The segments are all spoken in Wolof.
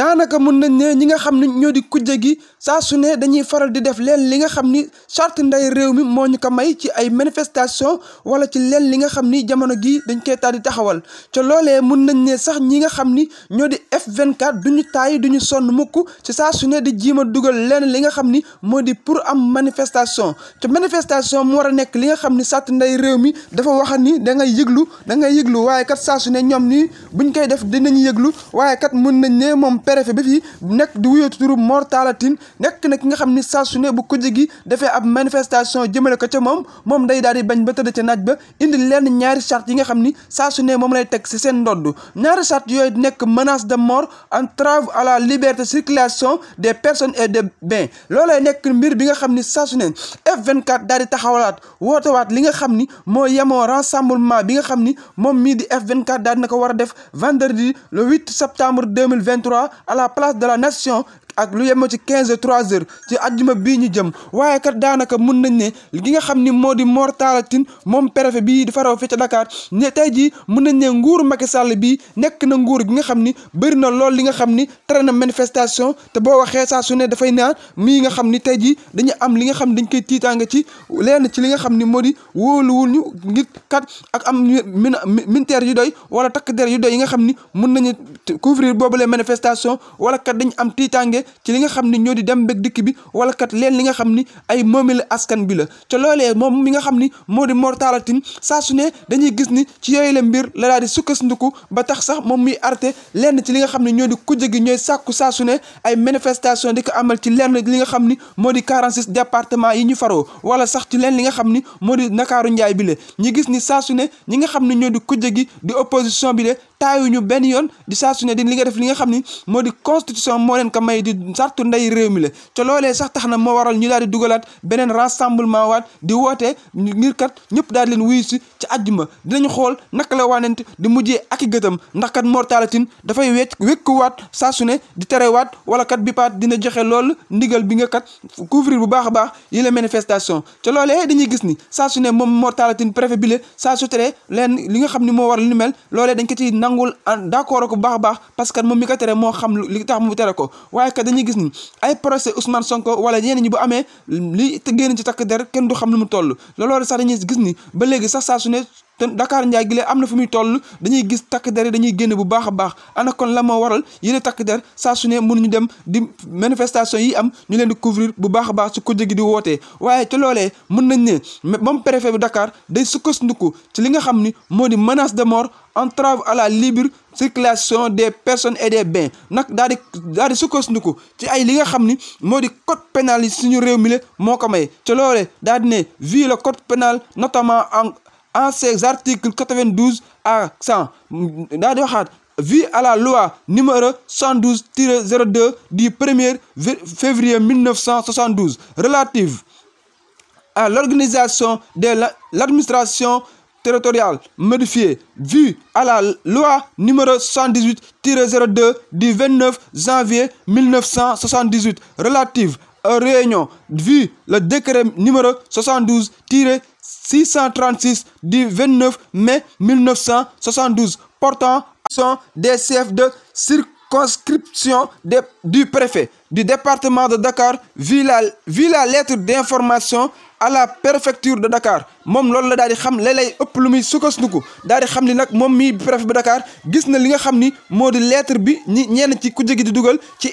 daanaka mun nañ ne ñi nga xam ne ñoo di kujje gi saa su ne dañuy faral di def leen li nga xam ni sart ndey réew mi moo ñu ko may ci ay manifestation wala ci leen li nga xam ni jamono gii dañ koy taal di taxawal te loolee mun nañ ne sax ñi nga xam ni ñoo di F24 du ñu taay du sonn mukk ci saa su ne di jiima dugal leen li nga xam ni moo di pour am manifestation ci manifestation mu war a nekk li nga xam ni charte ndey réew mi dafa wax ni da ngay yëglu dangay ngay yëglu waaye kat saa su ne ñoom nii buñ koy def dinañ yëglu waaye kat moom préfet ba fii nekk di wuyoo turu Mor Talla tin nekk na ki nga xam ni saa su ne bu ko jigi defee ab manifestation jëmale ko ca moom moom day daal di bañ ba tëdd ca naaj ba indi lenn ñaari charte yi nga xam ni saa su ne moom lay teg si seen ndodd ñaari charte yooyu nekk menace de mort entrave à la liberté circulation des personnes et des biens loolay nekk mbir bi nga xam ni saa su ne F24 daal di taxawalaat wootewaat li nga xam ni moo yemoo rassemblement bi nga xam ni moom mii di F24 daal di na ko war a def vendredi le 8 septembre 2023 à la place de la nation ak lu yem ci quinze heures trois heures ci àjjuma bii ñu jëm waaye kat daanaka mun nañ ne li nga xam ni moo di Mor Talla moom préfet bii di faraw fi ca Dakar ne tey jii mun nañ ne nguuru Macky Sall bi nekk na nguur gi nga xam ni bëri na lool li nga xam ni tere na manifestation te boo waxee saa su ne dafay naa mii nga xam ni tey jii dañu am li nga xam dañ koy tiitaanga ci lenn ci li nga xam ni moo di wóoluwul ñu ngir kat ak am militaire yu doy wala takk der yu doy yi nga xam ni mun nañu couvrir boobu les manifestation wala kat dañ am tiitaange ci li nga xam ni ñoo di dem mbég dikk bi wala kat leen li nga xam ni ay moomile askan bi la ca loolee moom mi nga xam ni moo di Mortalla Tine saa su ne dañuy gis ni ci yooyu la mbir la daal di ba tax sax moom muy arte lenn ci li nga xam ne ñoo di kujje gi ñooy sàkku saa su ay manifestation di ko amal ci lenn li nga xam ni moo di 46 département yi ñu faroo wala sax ci lenn li nga xam ni moo di Ndakaaru Njaay bi la ñi gis ni saa su ne ñi nga xam ne ñoo di kujje gi di opposition bi la taayuñu benn yoon di saa su ne di li nga def li nga xam ni moo di constitution moo leen ko may di sartu ndey réew mi la te loolee sax tax na moo waral ñu daal di dugalaat beneen rassemblement waat di woote ngir kat ñëpp daal di leen wuyu si ci àjjuma dinañu xool naka la waanent di mujjee ak i gëtam ndax kat mortalatin dafay wecc waat saa su ne di terewaat wala kat bi paat dina joxe lool ndigal bi nga kat couvrir bu baax a baax yi la manifestation te loolee dañuy gis ni saa su moom mortalatin préfet bi la saa su tere leen li nga xam ni moo waral lu mel nangul ah, d'accord ko baax baax parce moom mi ko tere moo xam li tax mu tere ko waaye kat dañuy gis ni ay procès Ousmane Sonko wala ñeneen ñi bu amee li génn ci takk der kenn du xam lu mu toll looloo sax dañuy gis ni ba léegi sax saa su te Dakar Ndiaye gi lee am na fu muy toll dañuy gis takk der yi dañuy génn bu baax a baax ana kon la moo waral yile takk der saa su ne ñu dem di manifestation yi am ñu leen di couvrir bu baax a baax su ko jéggi di wootee waaye ca loolee mën nañ ne moom préfet bu Dakar day sukkandiku ci li nga xam ni moo di menace de mort entrave à la libre circulation des personnes et des biens nag daa di daa di sukkandiku ci ay li nga xam ni moo di code pénal yi suñu réew mi la moo ko may ca loolee daa di ne vu le code pénal notamment en en ses articles 92 à 100 daa di waxaat vu à la loi numéro 112-02 du 1er février 1972 relative à l'organisation de l'administration territoriale modifiée vu à la loi numéro tire 118-02 du 29 janvier 1978 relative aux réunions vu le décret numéro 72 tire 636 du 29 mai 1972 portant son des chefs de circonscription de, du préfet du département de Dakar vit la, vit la à la préfecture de Dakar moom loolu la daal di xam léeg-léeg ëpp lu muy sukkandiku daal di xam ni nag moom mii préfet bi Dakar gis na li nga xam ni moo di lettre bi ñi ñenn ci ku jegi di dugal ci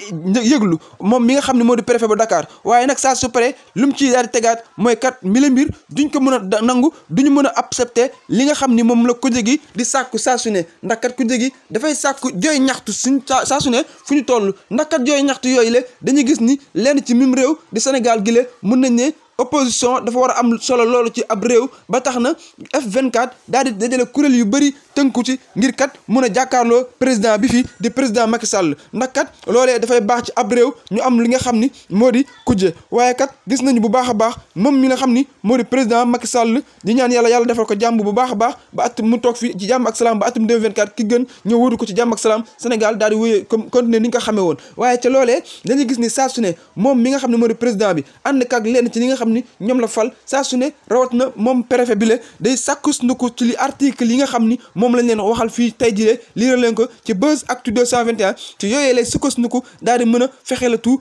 yëglu moom mi nga xam ni moo di préfet bu Dakar waaye nag saa su paree lu mu ciy daal di tegaat mooy kat mi mbir duñ ko mën a nangu duñu mën a accepter li nga xam ni moom la ku jegi di sàkku saa su ne ndax kat ku jegi dafay sàkku jooy ñaxtu suñ saa su ne fu ñu toll ndax kat jooy yooyu la dañuy gis ni lenn ci mim réew di Sénégal gi mën nañ ne opposition dafa war a am solo loolu ci ab réew ba tax na F24 daal di dajale kuréel yu bëri tënku ci ngir kat mun a jàkkaarloo président bi fi di président Macky Sall ndax kat loolee dafay baax ci ab réew ñu am li nga xam ni moo di kujje waaye kat gis nañu bu baax a baax moom mi nga xam ni moo di président Macky Sall di ñaan yàlla yàlla defal ko jàmm bu baax a baax ba at mu toog fi ci jàmm ak salaam ba atum 2024 ki gën ñëw wóotu ko ci jàmm ak salaam Sénégal daal di comme continuer ni ñu xamee woon waaye ca loolee dañuy gis ni saa su moom mi nga xam ne moo président bi li nga xam xam ni ñoom la fal saa su ne rawat na moom préfet bi le day sàkkus na ko ci li article yi nga xam ni moom lañ leen waxal fii tey jii le liira leen ko ci Buzz Actu 221 ci yooyee lay sukkus na ko daal di mën a fexe la tout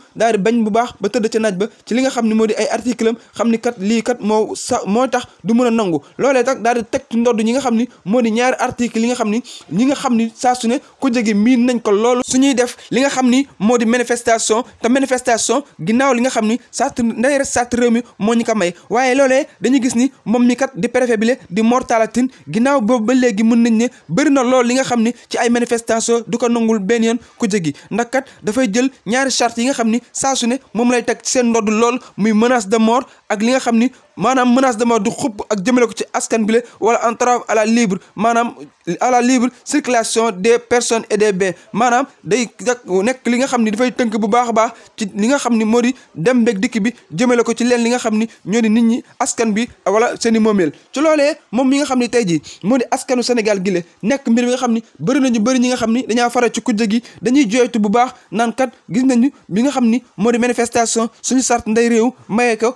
bu baax ba tëdd ca naaj ba ci li nga xam ni moo di ay article xam ni kat lii kat moo moo tax du mën a nangu loolee tax daal di teg ci ndodd ñi nga xam ni moo di ñaari article li nga xam ni ñi nga xam ni saa su ne ku jege miin nañ ko loolu su ñuy def li nga xam ni moo di manifestation te manifestation ginnaaw li nga xam ni sart ndey sart réew mi moo ñu ko may waaye loole dañu gis ni moom mi kat di préfet bi le di Mortalla Tine ginnaaw boobu ba léegi mën nañ ne bëri na lool li nga xam ni ci ay manifestation du ko nangul benn yoon ku jëgi ndax kat dafay jël ñaari charte yi nga xam ni saa su ne moom lay teg seen ndodd lool muy menace de mort ak li nga xam ni maanaam menace de mort du xupp ak jëmale ko ci askan bi la wala en à la libre maanaam à la libre circulation des personne et des biens maanaam day nekk li nga xam ni dafay tënk bu baax a baax ci li nga xam ni moo di dem beeg dikk bi jëmale ko ci leen li nga xam ni ñoo di nit ñi askan bi wala seen i moomeel ci loole moom mi nga xam ni tey jii moo di askanu Sénégal gi la nekk mbir mi nga xam ni bëri nañu bëri ñi nga xam ni dañaa faral ci kujje gi dañuy joytu bu baax naan kat gis nañu bi nga xam ni moo di manifestation suñu sart nday réew maye ko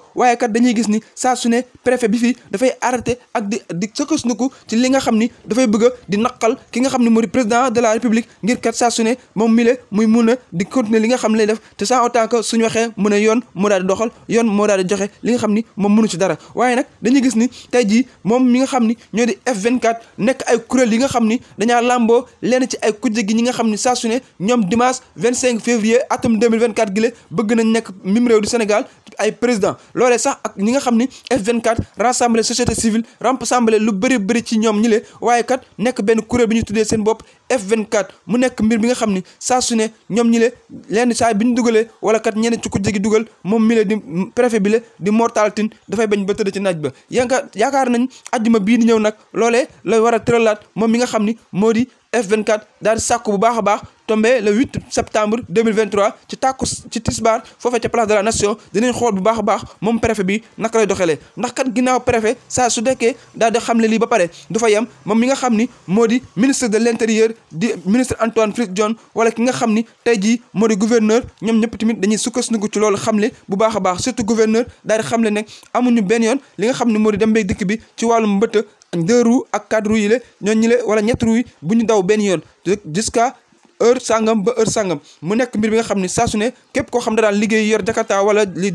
gis saa su ne préfet bi fii dafay arrêté ak di di sëkkasnuku ci li nga xam ni dafay bëgg di naqal ki nga xam ni moo di président de la république ngir kat saa su ne moom mile muy mun a di continuer li nga xam lay def te sans autant que suñu mu ne yoon moo doxal yoon moo joxe li nga xam ni moom mënu ci dara waaye nag dañuy gis ni tey jii moom mi xam ni ñoo di F24 nekk ay yi nga xam ni dañaa làmboo lenn ci ay ñi nga xam ni saa su ne ñoom dimanche 25 février atum 2024 gi la bëgg nañ nekk mim réew di Sénégal ay F24 rassembler société civile rassembler lu bëri bëri ci ñoom ñi le waaye kat nekk benn kuréel bi ñu tuddee seen bopp F24 mu nekk mbir bi nga xam ni saa sune ñoom ñi le lenn saa bi ñu dugalee wala kat ñenn ci kujje gi dugal moom mi le di préfet bi le di Mortal Tine dafay bañ ba tëdd ci naaj ba yaakaar nañ ajjuma bii di ñëw nag loole la war a tëralaat moom mi nga xam ni moo di F24 daal di bu baax a baax tombé le 8 septembre 2023 ci tàkku ci tisbaar foofee ca place de la nation dinañ xool bu baax a baax moom préfet bi naka lay doxalee ndax kat ginnaaw préfet saa su dekkee daal di xamle lii ba pare du fa yem moom mi nga xam ni moo di ministre de l' intérieur di ministre Antoine Félix Diome wala ki nga xam ni tey jii moo di gouverneur ñoom ñëpp tamit dañuy sukkandiku ci loolu xamle bu baax baax surtout gouverneur daal di xamle ne amuñu benn li nga xam ni moo di dem dikk bi ci wàllum mbëtt deux ak quatre roues yi la ñoon le wala ñett roues yi bu ñu daw benn yoon jusqu'à heure sangam ba heure sangam mu nekk mbir bi nga xam ne saa sune ne koo xam ne daal liggéey yor wala li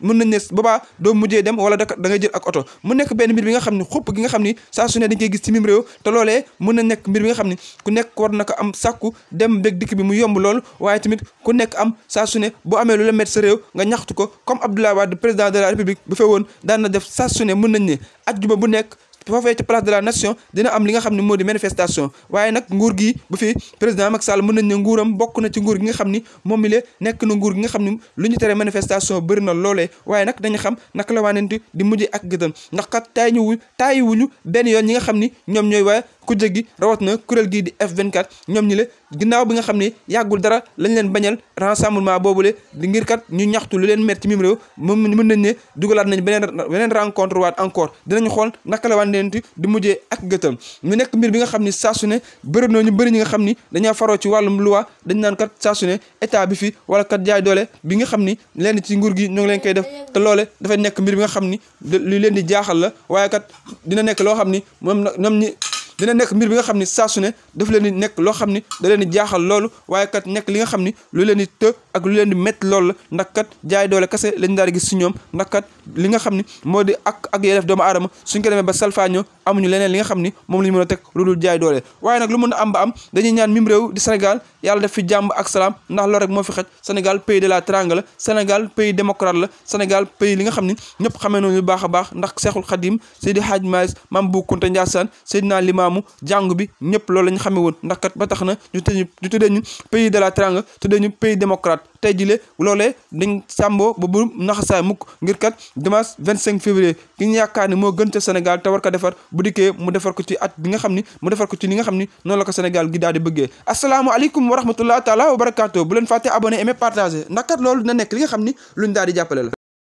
mën nañ ne boobaa doo mujjee dem wala da ngay jël ak mu nekk benn mbir bi nga xam ne xupp gi nga xam ne saa su ne dañ koy gis ci mim réew te loolee mën na nekk mbir bi nga xam ne ku nekk war na ko am sàkku dem bég dikk bi mu yomb lool waaye tamit ku nekk am saa sune boo amee lu la métti sa réew nga ñaxtu ko comme Abdoulaye Wade président de la république bu fee woon daan na def saa su ne mën nañ ne ajjuma bu nekk foofee ci place de la nation dina am li nga xam ne moo di manifestation waaye nag nguur gi bu fi président Macky Sall mën nañ ne nguuram bokk na ci nguur gi nga xam ni moom mi le nekk na nguur gi nga xam ni lu ñu tere manifestation bëri na loolee waaye nag dañu xam naka la waanenti di mujj ak gëtam ndax kat taay ñuwu taayi wuñu benn yoon ñi nga xam ni ñoom ñooy waa kujje gi rawat na kuréel gii di F24 ñoom ñi le ginnaaw bi nga xam ne yàggul dara lañ leen bañal rassemblement boobule di ngir kat ñu ñaxtu lu leen metti ci mim réew moom mën nañ ne dugalaat nañ beneen beneen rencontre waat encore dinañu xool naka la wàndeenti di mujjee ak gëtam mu nekk mbir bi nga xam ni saa su ne bëri na ñu bëri ñi nga xam ni dañoo faroo ci wàllum loi dañ naan kat saa su ne état bi fi wala kat jaay doole bi nga xam ni leen ci nguur gi ñu ngi leen koy def te loole dafay nekk mbir bi nga xam ni lu leen di jaaxal la waaye kat dina nekk loo xam ni moom dina nekk mbir bi nga xam ni saa su ne daf leen di nekk loo xam ni da leen di jaaxal loolu waaye kat nekk li nga xam ni lu leen di të ak lu leen di métti lool la ndax kat jaay doole kase lañ daal di gis si ñoom ndax kat li nga xam ni moo di ak ak yelef aadama suñ ko demee ba salfaañoo amuñu leneen li nga xam ni moom la ñu mën a teg lu dul jaay doole waaye nag lu mën a am ba am dañuy ñaan mim réew di Sénégal yàlla def fi jàmm ak salaam ndax loolu rek moo fi xaj Sénégal pays de la Teranga la Sénégal pays démocrate la Sénégal pays li nga xam ni ñëpp xamee noonu lu baax a baax ndax Seexul Xadim Seydi Hadj Maïs Mame Bou Kounta Ndiassane Seydina programme jàngu bi ñëpp loolu la ñu xamee woon ndax kat ba tax na ñu tëj ñu tuddee ñu pays de la ñu pays démocrate tey jile loolee dañ sàmboo ba bu naxasaay mukk ngir kat dimanche vingt cinq février ki ñu yaakaar ne moo gën ca Sénégal te war ko defar bu dikkee mu defar ko ci at bi nga xam ni mu defar ko ci li nga xam ni noonu la ko Sénégal gi daal di bëggee asalaamaaleykum wa rahmatullah taala wa barakaatu bu fàtte abonné aimé partagé ndax kat loolu dina nekk li nga xam ni luñ daal di la